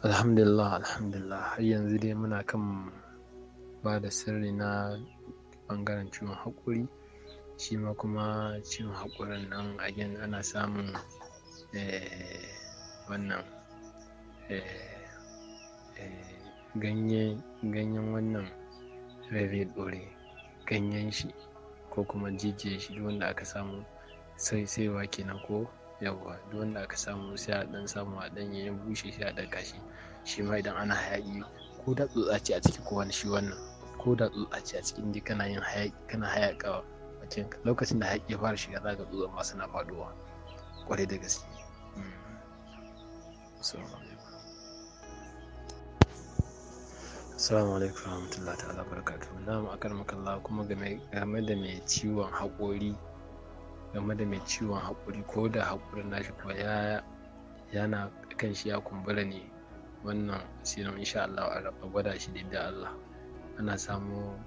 alhamdulillah alhamdulillah har yanzu dai muna kan ba da sirri na bangaren ciwon haƙuri shi ma kuma ciwon haƙurin nan again ana samun eh, wannan eh, eh, ganyen wannan rere ɗore ganyen shi ko kuma jijiyar shi wanda aka samu sai saiwa kenan ko yawwa duk wanda aka samu sai a dan samu a dan yayin bushe sai a daka shi shi ma idan ana hayaki ko da tsutsa ce a ciki ko wani shi wannan ko da tsutsa ce a cikin dai kana yin hayaki kana hayakawa mutum lokacin da hayaki ya fara shiga za ka tsotsa ma suna faduwa kwarai da gaske mm. Assalamu alaikum warahmatullahi ta'ala barakatuhu. Na mu akan makalla kuma game da mai ciwon haƙori game da mai ciwon haƙuri ko da haƙurin na shi ya yana kan shi ya kumbura ne wannan sinan insha Allah a gwada shi da Allah ana samu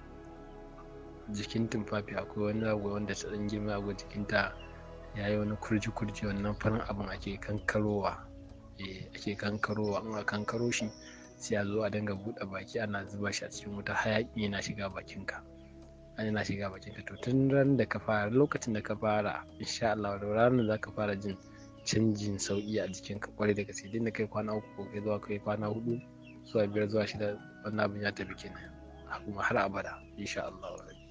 jikin tumfafi akwai wani abu wanda ta ɗan girma abu jikinta ya yi wani kurji-kurji wannan farin abin ake kankarowa eh, ake kankarowa in a kankaro shi sai a zo a dinga buɗe baki ana zuba shi a cikin wuta hayaƙi yana shiga bakinka an yana shiga bakin ka to tun ran da ka fara lokacin da ka fara insha Allah da ran za ka fara jin canjin sauki a jikin ka kwarai da gaske da kai kwana uku ko kai zuwa kai kwana hudu zuwa biyar zuwa shida wannan abin ya tafi kenan kuma har abada insha Allah